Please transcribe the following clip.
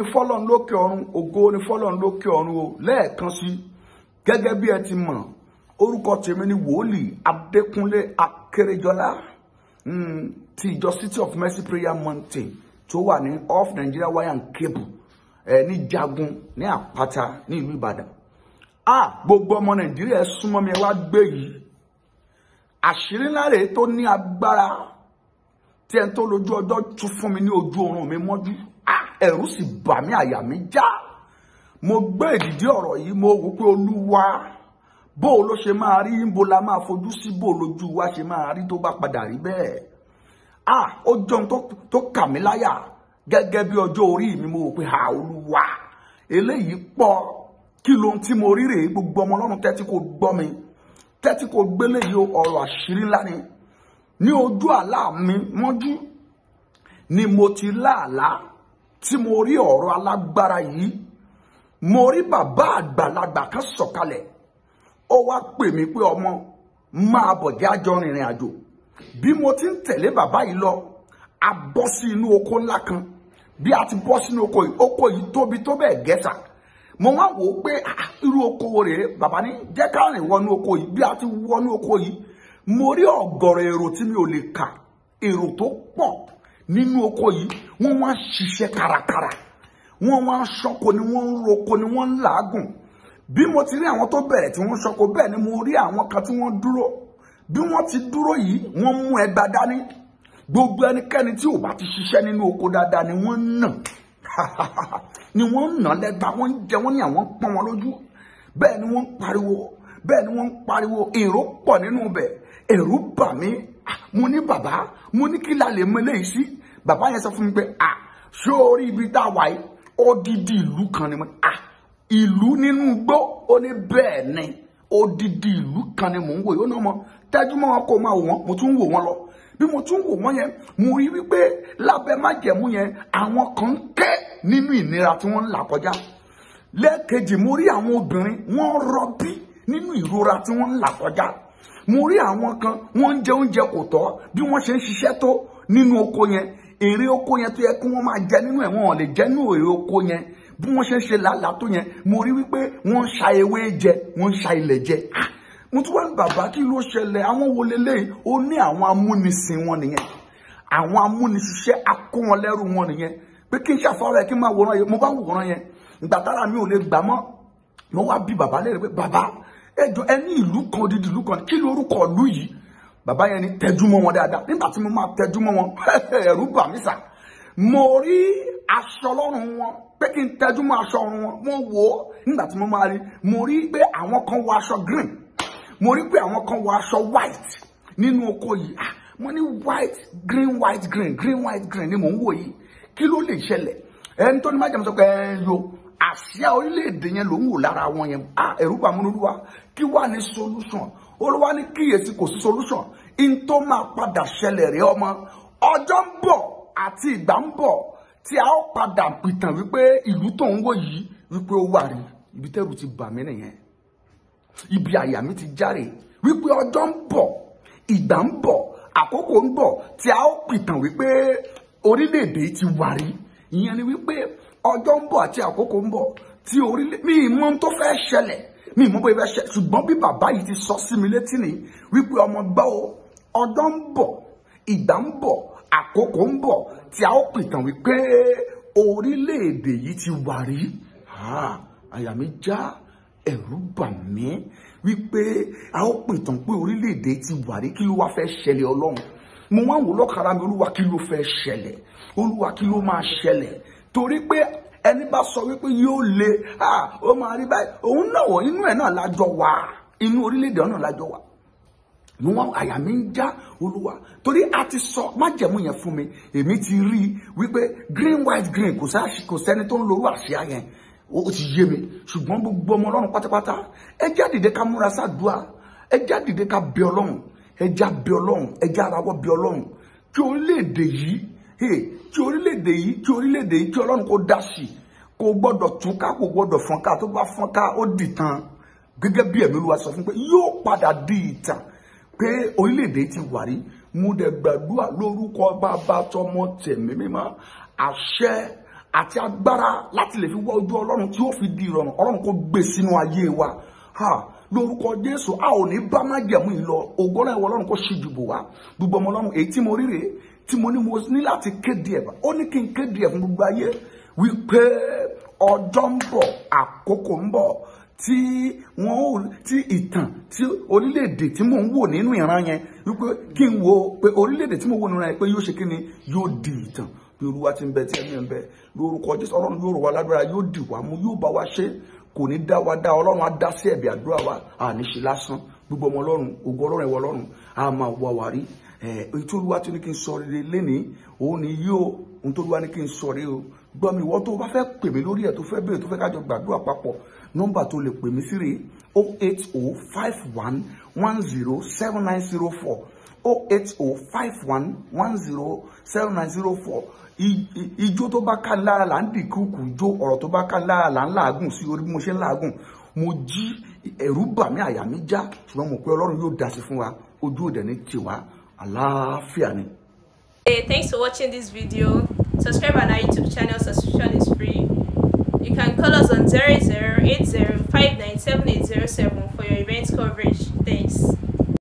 ni fọ́lọ́run lókè ọ̀run ògo ni fọ́lọ́run lókè ọ̀run o lẹ́ẹ̀kan sí gẹ́gẹ́ bí ẹ ti mọ̀ orúkọ tèmi ni wòlíì adékúnlé akérèjọlá hmm, ti ìjọ city of mercy prayer mountain tó wà ní off nigeria wire and cable ní jagun ní àpáta ní ìlú ìbàdàn a gbogbo ọmọ nàìjíríà ẹ mi ẹ wá gbé yìí àṣírí ńlá rèé tó ní agbára tí ẹ tó lójú ọjọ́ tún fún mi ní ojú oorun mi mọ́jú ẹ̀rù sì bà mí àyà mi já mo gbé ìdìdí ọ̀rọ̀ yìí mo wò pé olúwa bó o ló ṣe máa rí níbo la máa fojú sí bó o lójú wa ṣe máa rí tó bá padà rí bẹ́ẹ̀ ah ó jọun tó kà mí láyà gẹ́gẹ́ bí ọjọ́ orí mi mo wò pé ha olúwa eléyìí pọ̀ kí lohun tí mo rí rèé gbogbo ọmọ ọlọ́run tẹ́tí kò gbọ́ mi tẹ́tí kò gbélé yìí ọ̀rọ̀ àṣírí ńlá ni ní ojú àlá mi mọ́jú ni mo ti láàlá tí mo rí ọ̀rọ̀ alágbára yìí mo rí bàbá àgbàlagbà kan sọ̀kalẹ̀ ó wá pè mí pé ọmọ máa bọ̀jẹ́ àjọ rìnrìn àjò bí mo ti ń tẹ̀lé bàbá yìí lọ a bọ́ sí inú oko ńlá kan bí a ti bọ́ sínú oko yìí oko yìí tóbi tó bẹ́ẹ̀ gẹ́sà mo wá wò ó pé ah, irú oko rèé bàbá ní jẹ́ ká rìn wọnú oko yìí bí a ti wọnú oko yìí mo rí ọ̀gọ̀rọ̀ èrò tí mi ò lè kà èrò tó pọ̀ nínú oko yìí wọ́n wá ṣiṣẹ́ kárakára wọ́n wá ṣọ́kọ ni wọ́n ń roko ni wọ́n ń làágùn bí mo ti rí àwọn tó bẹ̀rẹ̀ tí wọ́n ṣọ́kọ bẹ́ẹ̀ ni mo rí àwọn kan tí wọ́n dúró bí wọ́n ti dúró yìí wọ́n mú ẹgba dání gbogbo ẹnikẹ́ni tí ò bá ti ṣiṣẹ́ nínú oko dáadáa ni wọ́n ń nà ni wọ́n ń nà lẹ́gba wọ́n ń jẹ wọ́n ní àwọn pọ́n wọn lójú bẹ́ẹ̀ ni wọ́n ń pariwo bẹ́ẹ̀ ni wọ́n ń pariwo èrò pọ̀ nínú bẹ̀ ẹ̀rù bà mí ah, mo ní bàbá mo ní kí la lè mọ eléyìí sí bàbá yẹn sọ fún mi pé à ṣé orí ibi tá a wà yìí odidi ìlú kan ni mo à ìlú nínú igbó ó ní bẹ́ẹ̀ ni odidi ìlú kan ni mò ń wò yìí ó ní ọmọ tẹ́jú mọ́ wọn kó máa wò wọ́n mo tún ń wò wọ́n lọ bí mo tún wò wọ́n yẹn mo rí wípé lábẹ́ májẹ̀mú yẹn àwọn kan ń nínú ìnira tí wọ́n ń là kọjá lẹ́ẹ̀kejì mo rí àwọn obìnrin wọ́n rọbí nínú ìrora tí wọ́n ń là kọjá mo rí àwọn kan wọ́n ń jẹ oúnjẹ kò tọ́ bí wọ́n ṣe ń ṣiṣẹ́ tó nínú oko yẹn èrè oko yẹn tó yẹ kí wọ́n máa jẹ nínú ẹ̀ wọ́n lè jẹ nínú èrè oko yẹn bí wọ́n ṣe ń ṣe làálàá tó yẹn mo rí wípé wọ́n ń ṣa ewé jẹ wọ́n ń ṣa ilẹ̀ jẹ ah! mo tún wá ní bàbá kí ló ṣẹlẹ̀ àwọn wo leléyìí ó ní àwọn amúnisìn wọn nìyẹn àwọn amúnisìṣẹ́ akó wọn lẹ́rù wọn nìyẹn pé kí n ṣàfọwọ́rẹ́ kí n máa wòran yẹn mo bá wòran yẹn ìgbà tára mi ò lè gbà mọ́ mo wá bí bàbá léèrè pé bàbá ẹjọ ẹ ìlú kan odidi ìlú kan kí lórúkọ ìlú yìí bàbá yẹn ni tẹjú mọ́ wọn dáadáa nígbà tí mo máa tẹjú mọ́ wọn ẹ̀rù bà mí sà mo rí aṣọ lọ́rùn wọn pé kí n tẹjú mọ́ aṣọ ọrùn wọn mo wò ó nígbà tí mo máa rí mo rí pé àwọn kan wọ aṣọ green mo rí pé àwọn kan wọ aṣọ white nínú oko yìí ah mo ní white green white green green white green ni mò ń wò yìí kí ló lè ṣẹlẹ̀ ẹni tó ní má jẹun sọ pé ẹ yo àsíá orílẹ̀-èdè yẹn ló ń wò lára wọn yẹn ah, ẹ̀rù bàmúlùwà kí wà ní solution olúwa ní kíyèsí kò sí solution in tó máa padà ṣẹlẹ̀ rẹ ọmọ ọjọ́ ń bọ̀ àti ìgbà ń bọ̀ tí a ó padà pìtàn wípé ìlú tó ń wò yìí wípé ó wà rí ibi tẹ́rù ti bà mí nìyẹn ibi àyà mi ti járe wípé ọjọ́ ń bọ̀ ìgbà ń bọ̀ àkókò ń bọ̀ tí a ó pìtàn wípé orílẹ̀-èdè ti wà rí ìyẹn ni wípé ọjọ́ ń bọ̀ àti àkókò ń bọ̀ tí orílẹ̀ mi ìmọ̀ tó fẹ́ ṣẹlẹ̀ mi mọ̀ bóyá ṣe ṣùgbọ́n bí bàbá yìí ti sọ sí mi létí ni wípé ọmọ gbá o ọdọ́ ń bọ̀ ìgbà ń bọ̀ àkókò ń bọ̀ tí a ó pìtàn wípé orílẹ̀-èdè yìí ti wà rí àyà mi já ẹ̀rù bà mí wípé a ó pìtàn pé orílẹ̀-èdè ti wà rí kí ló wá fẹ́ ṣẹlẹ̀ ọlọ́run mo wá wò lọ́kàrá mi olúwa kí ló fẹ́ ṣẹlẹ̀ olúwa kí ló máa ṣẹlẹ̀ torí pé ẹni bá sọ wípé yóò le ó máa rí báyìí òun náà wọ inú ẹ̀ náà lájọ wà inú orílẹ̀-èdè náà lájọ wà ni wọn àyà mi ń já olúwa torí a ti sọ májẹ̀mú yẹn fún mi èmi ti rí i wípé green white green kò sẹ́ni tó ń lo orú àṣìá yẹn ó ti yé mi ṣùgbọ́n gbogbo ọmọ ọlọ́run pátápátá ẹ já dìde ká múra sáàdúà ẹ já dìde ká bẹ ọlọ́run ẹ já bẹ ọlọ́run ẹ já arawọ́ bẹ ọlọ́run kí orílẹ̀-èdè yìí kí orílẹ̀-èdè yìí kí orílẹ̀-èdè yìí kí ọlọ́run kó dá sí kó gbọ́dọ̀ tún ká kó gbọ́dọ̀ fọ́n ká tó bá fọ́n ká ó di tàn gẹ́gẹ́ bí ẹ̀mí olúwa sọ fún pé yóò padà di ìtàn pé orílẹ̀-èdè ti wà rí gbàdúrà lórúkọ bàbá tọmọ tẹ̀mí mímọ́ àṣẹ àti agbára láti lè fi wá ojú ọlọ́run tí ó fi di ìrọ̀rùn ọlọ́run kó gbé sínú ayé wa ha lórúkọ jésù a ò ní bá májẹ̀mú yìí lọ ògbọ́nà ìwọ ọlọ́run kó wá gbogbo ọmọ ọlọ́run èyí tí mo rí rèé tí mo ní mo ní láti kéde ẹ̀ ó ní kí n kéde ẹ̀ fún gbogbo ayé wípé ọjọ́ ń bọ̀ àkókò ń bọ̀ tí wọn ò tí ìtàn tí orílẹ̀-èdè tí mò ń wò nínú ìran yẹn wípé kí n wo pé orílẹ̀-èdè tí mò wò nínú ìran yẹn pé yóò ṣe kí ni yóò di ìtàn bí olúwa ti ń bẹ tí ẹ̀mí ń bẹ lórúkọ jésù ọlọ́run yóò rọ̀ wá lágbára yóò dì wá mú yóò bá wa ṣe kò ní dá wa dá ọlọ́run á dá sí ẹ̀bì àdúrà wa àníṣe lásán gbogbo ọmọ ọlọ́run ògo ọlọ́run ẹ̀wọ̀ ọlọ́run a máa wà wà rí èyí tó lúwa ní kí n sọ lénìí òun ni yí o ohun tó lúwa ní kí n sọ rere o gbọ́ mi ìwọ tó bá fẹ́ pè mí lórí ẹ̀ tó fẹ́ béèrè tó fẹ́ kájọ gbàdúrà papọ̀ nọ́mbà tó lè pè mí sí rèé o oh eight o oh five one one zero seven nine zero four o oh eight o five one one zero seven nine zero four ijó tó bá ká lára là ń dìkúkú jó ọ̀rọ̀ tó bá ká lára là ń làágùn sí orí bí mo ṣe ń làágùn mo jí ẹ̀rù bà mí àyà mi já ṣùgbọ́n mo pé ọlọ́run yóò dá fún wa ojú òde ní tiwa àlàáfíà ni. Hey, thanks for watching this video. Subscribe on our YouTube channel. Subscription is free. You can call us on zero zero zero zero eight eight five nine seven seven for your event coverage. Thanks.